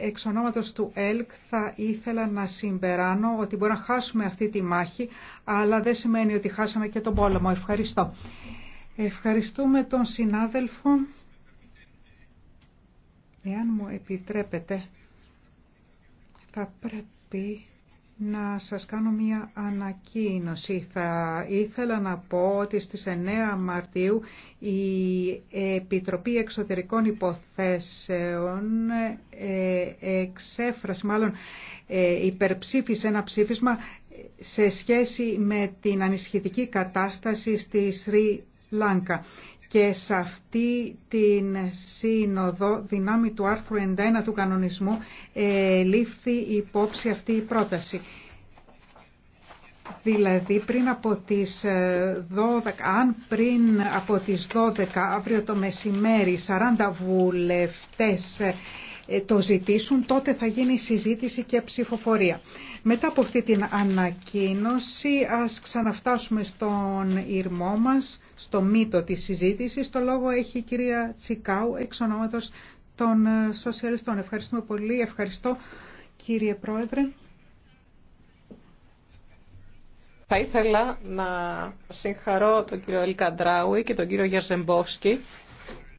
Εξ ονόματος του ΕΛΚ θα ήθελα να συμπεράνω ότι μπορεί να χάσουμε αυτή τη μάχη, αλλά δεν σημαίνει ότι χάσαμε και τον πόλεμο. Ευχαριστώ. Ευχαριστούμε τον συνάδελφο. Εάν μου επιτρέπετε, θα πρέπει να σας κάνω μία ανακοίνωση. Θα ήθελα να πω ότι στις 9 Μαρτίου η Επιτροπή Εξωτερικών Υποθέσεων ε, εξέφρασε, μάλλον ε, υπερψήφισε ένα ψήφισμα σε σχέση με την ανισχυτική κατάσταση στη Σρι Λάνκα και σε αυτή την σύνοδο δυνάμει του άρθρου 91 του κανονισμού ε, λήφθη υπόψη αυτή η πρόταση. Δηλαδή πριν από τις 12, ε, αν πριν από τις 12 αύριο το μεσημέρι 40 βουλευτές ε, ε, το ζητήσουν, τότε θα γίνει συζήτηση και ψηφοφορία. Μετά από αυτή την ανακοίνωση ας ξαναφτάσουμε στον ήρμό μας, στο μύτο της συζήτησης. Το λόγο έχει η κυρία Τσικάου, εξ ονόματος των ε, σοσιαλιστών. Ευχαριστούμε πολύ. Ευχαριστώ κύριε Πρόεδρε. Θα ήθελα να συγχαρώ τον κύριο Ελκαντράουη και τον κύριο Γερζεμπόφσκι